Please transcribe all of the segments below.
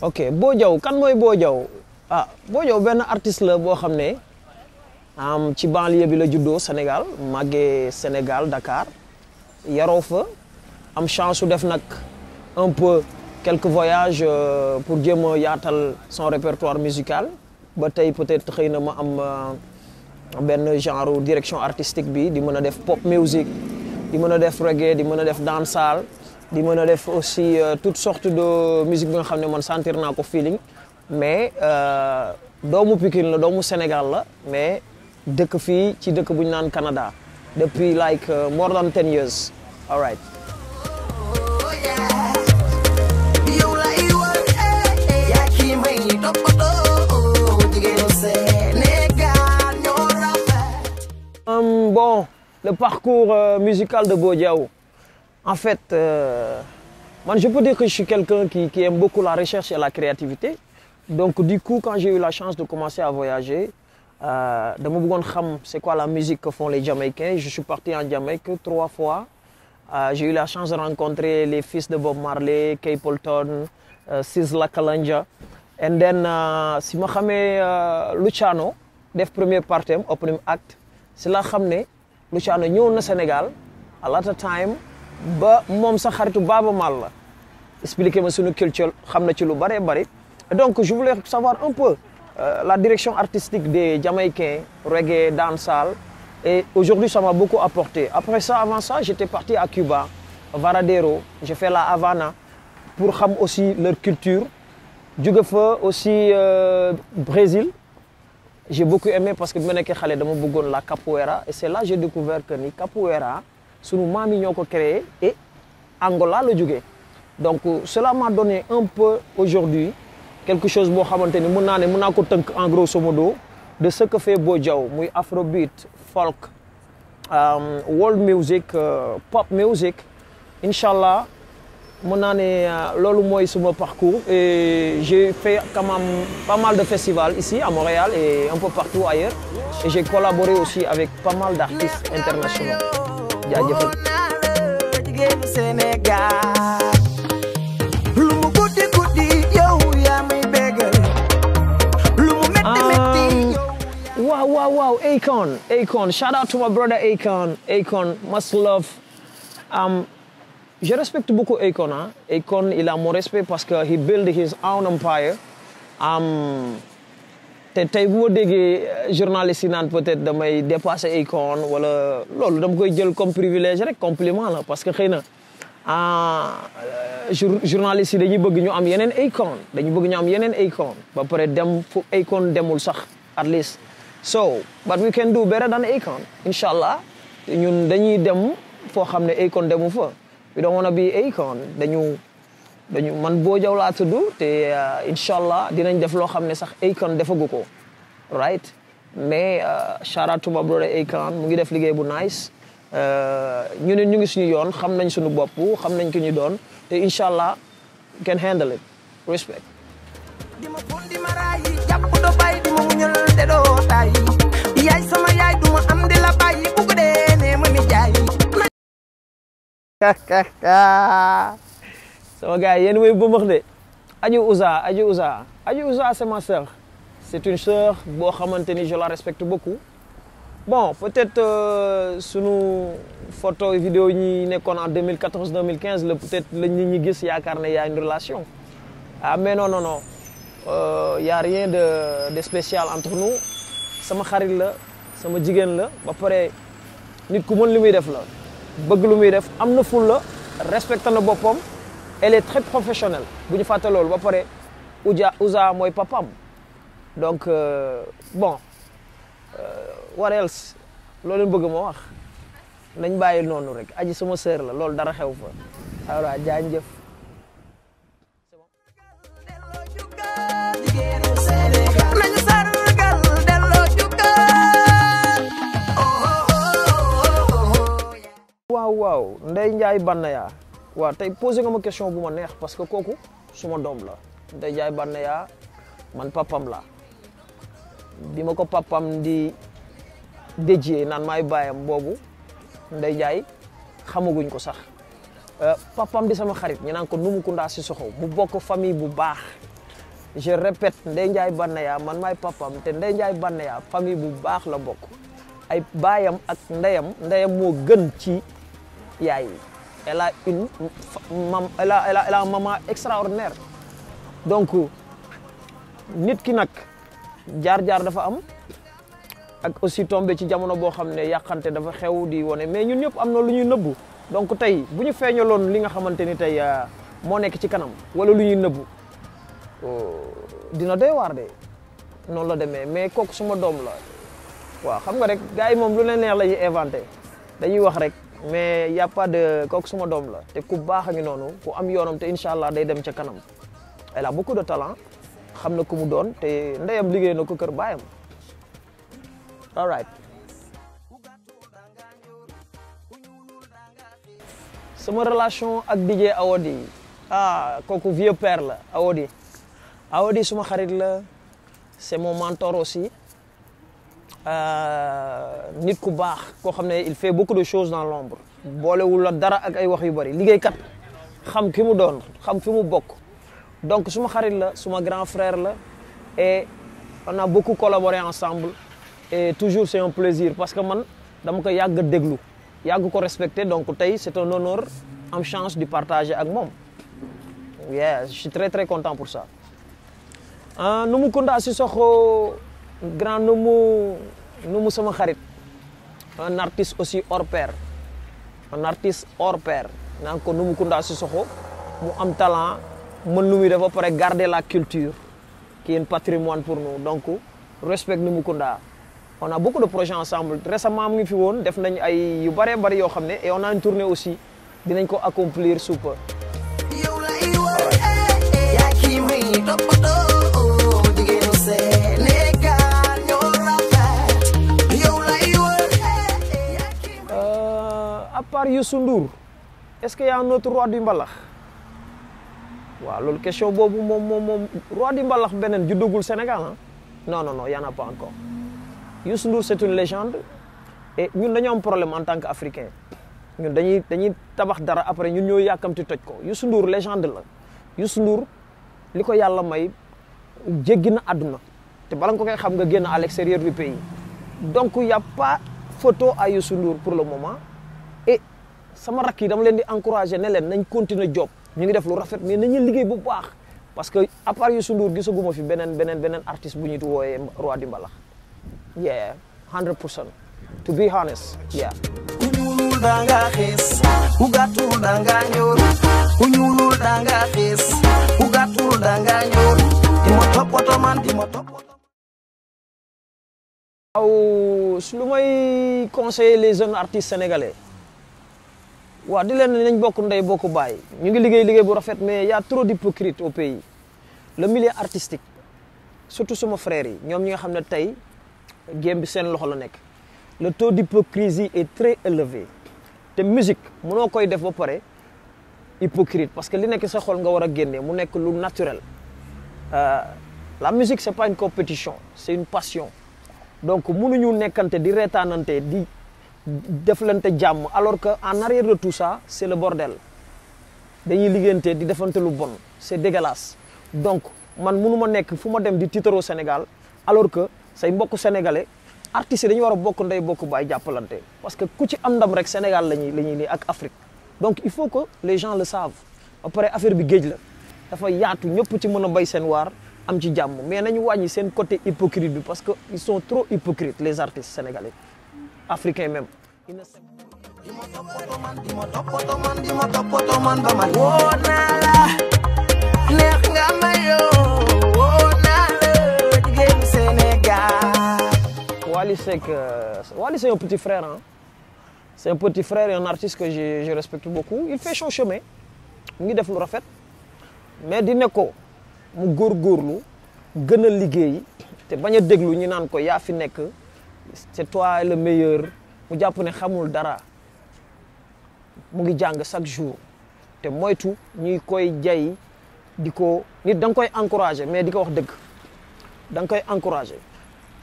ok Boo jaw kan mooy Boo Diaw ah Boo Diaw benn artiste la boo xam ne am ci banlieue bi la juddoo Sénégal màggee Sénégal Dakar yaroo fa am chance su def nag un peu quelques voyages euh, pour jéem a yaatal son répertoire musical ba tey peut-être xëy na ma am euh, benn genre direction artistique bi di mën a def pop music di mën a def reggae di mën a def dancehall di mën a def aussi euh, toute sort de musique bi nga xam ne man sentir naa ko feeling mais euh, doomu Pikine la doomu Sénégal la mais dëkk fii ci dëkk bu ñu naan Canada depuis like euh, more than ten years all le parcours euh, musical de Bodiao. En fait, euh, moi, je peux dire que je suis quelqu'un qui, qui, beaucoup la recherche et la créativité. Donc, du coup, quand j'ai eu la chance de commencer à voyager, euh, de Moubougouan c'est quoi la musique que font les Jamaïcains. Je parti en Jamaïque trois fois. Euh, j'ai eu la chance de rencontrer les fils de Bob Marley, Kay Polton, euh, Sizzla Kalanja. Et then, euh, si je euh, Luciano, def premier partem, opening act, c'est là que Luciano ñëw na Sénégal a lot of time ba moom sa xaritu Baaba mal la expliqué ma suñu culture xam na ci lu bëree bëri donc je voulais savoir un peu euh, la direction artistique des Jamaïcains reggae dancehall et aujourd'hui ça m'a beaucoup apporté après ça avant ça j'étais parti à Cuba Varadero j'ai fait la Havana pour xam aussi leur culture jóge fa aussi euh, Brésil j'ai beaucoup aimé parce que bi ma nekkee xale dama bëggoon la capoeira et c'est là j'ai découvert que ni capoeira sunu maam yi ñoo ko créé et Angola la jógee donc euh, cela m'a donné un peu aujourd'hui quelque chose boo xamante ni mën naa ne mën naa ko tënk en grosso modo de ce que fait Bodiaw muy afrobeat folk euh, world music euh, pop music incha allah mon année, c'est euh, sur mon mooy Et j'ai fait quand même pas mal de festivals ici à Montréal et un peu partout ailleurs. pas mal d'artistes internationaux. Um, wow, wow, wow, Akon, Akon, to my brother Akon, Akon, must love. Um, je respecte beaucoup Akon. Hein? Akon, il a mon respect parce que he build his own empire. te tey bu ma déggee euh, journaliste yi naan peut-être damay dépasser Akon wala loolu dama koy jël comme privilège rek compliment la parce que xëy na ah, euh, journaliste yi dañuy bëgg ñu am yeneen Akon dañu bëgg ñu am yeneen Akon ba pare dem fu Akon demul sax at least so but we can do better than Akon incha allah ñun dañuy dem foo xam ne Akon demu fa we don't want bi be Akon dañu dañu man boo jaw laa te euh, incha allah dinañ def loo xam ne sax Akon defagu ko right mais euh, shout out to my mu ngi def liggéey bu nice euh, ñu ne ñu ngi suñu yoon xam nañ suñu bopp xam nañ ki ñu doon te incha allah can handle it respect dima bun di marayi jàpp do bay di ma muñal de doo tay sama gars yi yéen mooy bëmbax de Adji Ouza Adji Ouza Adji Ouza c'est ma sœur c'est une sœur boo xamante ni je la respecte beaucoup bon peut-être euh, sunu photo vidéo ñi nekkoon en 2014 2015 la peut-être la nit ñi gis yaakaar ne y a une relation a ah, mais non non non euh, rien de de spécial entre nous sama xarit la sama jigéen la ba pare nit ku mën li muy def la bëgg lu muy def am na fulla respecté na boppam elle est bu ñu fàtte loolu ba pare Ouja Ouza mooy papam donc euh, bon euh, what else loolu leen bëgg ma wax nañ bàyyi noonu rek aji sama sœur la loolu dara xew fa alors jëf waaw Ndeye Ndiaye Banaya waaw tey posé nga ma question bu ma neex parce que kooku suma doom la Ndeye Ndiaye Banaya man papam laa bi ma ko papam di déjee naan maay baayam boobu Ndeye Ndiaye xamaguñ ko sax euh, papam di sama xarit ñu naan ko si Sissoko mu bokk famille bu baax je répète Ndeye Ndiaye Banaya man maay papam te Ndeye Ndiaye Banaya famille bu baax la bokk ay baayam ak ndeyam ndeyam moo gën ci yaay elle a une mam elle a elle a maman extraordinaire donc nit ki nag jaar-jaar dafa am ak aussi tombé ci jamono boo xam ne yàqante dafa xew di wane mais ñun ñëpp am na lu ñuy nëbbu donc tey bu ñu feeñaloon li nga xamante ni tey euh, moo nekk ci kanam wala lu ñuy nëbbu euh, dina doy waar de noonu la demee mais kooku suma doom la waaw xam nga rek gars yi moom lu ne neex la ñuy inventé dañuy wax rek. mais y' a pas de kooku suma doom la te ku baax a ngi noonu ku am yoonam te incha allah day dem ca kanam elle a beaucoup talent xam na ku mu doon te ndeyam liggéey na ko kër baayam all right. sama relation ak DJ Awadi ah kooku vieux père la Awadi Awadi suma xarit la c'est mon mentor aussi. Euh, nit ku baax koo xam ne il fait beaucoup de choses dans l'ombre boolewul la dara ak ay wax yu bari kat xam ki mu doon xam fi mu bokk donc suma xarit la suma grand frère la et on a beaucoup collaboré ensemble e toujours c'est un plaisir parce que man dama ko yàgg déglu yàgg ko respecté donc tey c'est un honneur un chance di partager ak moom yeah je très très content pour ça euh, Numukunda Sissoko grand nu mu sama xarit un artiste aussi hors pair un artiste hors pair naan ko nu mu Kounda Sissoko mu am talant mën lu muy ba pare garde la culture qui est un patrimoine pour nous donc respect nu mu Kounda on a beaucoup de projets ensemble récemment mu ngi fi woon def nañ ay yu bëree bëri yoo xam ne et on a tournée aussi dinañ ko accomplir sous victoire Youssou Ndour est-ce que y a roi du mbalax waaw loolu question boobu moom moom moom roi du mbalax beneen juddagul Sénégal ah non non non y en a pas encore Youssou Ndour c'est une légende et ñun dañoo am problème en tant que africain ñun dañuy dañuy tabax dara après ñun ñoo yàkkamti toj ko Youssou Ndour légende la Youssou Ndour li ko yàlla may jéggi na àdduna te bala ko koy xam nga génn à l'extérieur du pays donc y a photo à Youssou Ndour pour le moment sama rakk yi dama leen di encouragé ne leen nañ continuer job ñu ngi def lu rafet mais nañu liggéey bu baax parce que à part Youssou Ndour gisaguma fi beneen beneen beneen artiste bu ñu tu wooyee roi du mbalax yeah 100 percent to be honest yeah ku ñuulul danga xees ku gàttul danga ñool ku ñuulul danga xees ku gàttul danga ñool di ma toppatoo man di ma lu may conseiller les jeunes artistes sénégalais waa di leen ne nañ bokk ndey bokk baay ñu ngi liggéey liggéey bu rafet mais y a trop d'hypocrite au pays le milieu artistique surtout suma frères yi ñoom ñi nga xam ne tey game seen loxo la nekk le taux d'hypocrisie est très élevé te musique mënoo koy def ba pare hypocrite parce que li nekk sa xol nga war a génne mu nekk lu naturel euh, la musique c'est pas une compétition c'est une passion donc mënuñu nekkante di reetaanante di deflante jàmm alors que en arrière de tout ça c'est le bordel dañuy liggéeyante di defante lu bon c'est dégueulasse donc man mënu ma nekk fu ma dem di tiitaroo Sénégal alors que say mbokk sénégalais artistes yi war a bokk nday bokk baay jàppalante parce que ku ci am ndam rek Sénégal la ñuy la ñuy nii ak Afrique donc il faut que les gens le savent après affaire bi géej la dafa yaatu ñëpp ci mën a béy seen waar am ci jàmm mais nañu wàññi seen côté hypocrite bi parce que ils sont trop hypocrites les artistes sénégalais africains même innocent dima toppatoo man dima toppatoo man dima toppatoo man ba man woo naa la neex nga ma woo naa la jigéenu Sénégal Wally Seck euh, Wally c'est un petit frère hein c'est un petit frère et artiste que je, respecte beaucoup il fait son chemin mu ngi def lu rafet mais di ne ko mu góorgóorlu gën a liggéey te bañ a déglu ñu naan ko yaa fi nekk c'est toi le meilleur mu jàpp ne xamul dara mu ngi jàng chaque jour te moytu ñuy koy jay di ko nit da nga koy encouragé mais di ko wax dëgg da nga koy encouragé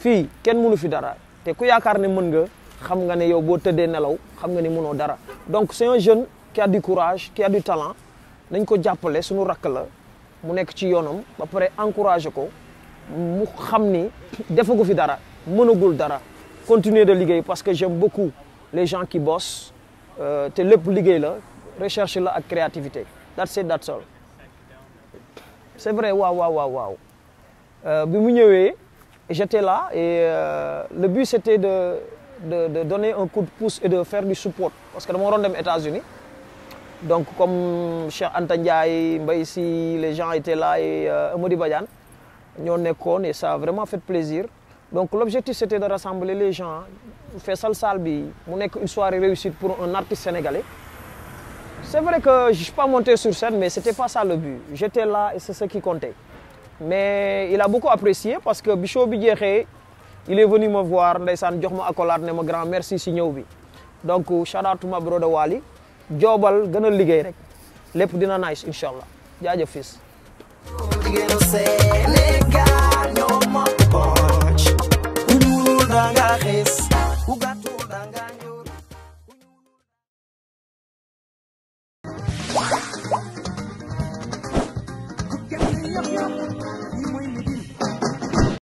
fii kenn mënu fi dara te ku yaakaar ne mun nga xam nga ne yow boo tëddee nelaw xam nga ne mënoo dara donc c'est un jeune qui a du courage qui a du talent nañ ko jàppale suñu rakk la mu nekk ci yoonam ba pare encouragé ko mu xam ni defagu fi dara mënagul dara continuer de liggéey parce que j'aime beaucoup les gens qui bossent euh, te lépp liggéey la recherche la ak créativité that's it that's all c'est vrai waaw waaw waaw euh, bi mu ñëwee j'étais là et euh, le but c'était de de de donner un coup de pouce et de faire du support parce que dama waroon dem États-Unis donc comme Cheikh Anta Ndiaye Mbaye Sy les gens étaient là et Amady Badiane ñoo nekkoon et sa a vraiment fait plaisir donc l'objectif c'était de rassembler les gens Fessal Sall bi mu nekk une soirée réussite pour un artiste sénégalais c'est vrai que je suis pas monté sur scène mais c'était pas ça le but j'étais là et c'est ce qui comptait mais il a beaucoup apprécier parce que bi show bi jeexee il est venu me voir ndeysaan jox ma accolade ne ma grand merci si ñëw bi donc shout out to my brother joobal gën a liggéey rek lépp dina nice incha allah jaajëf fils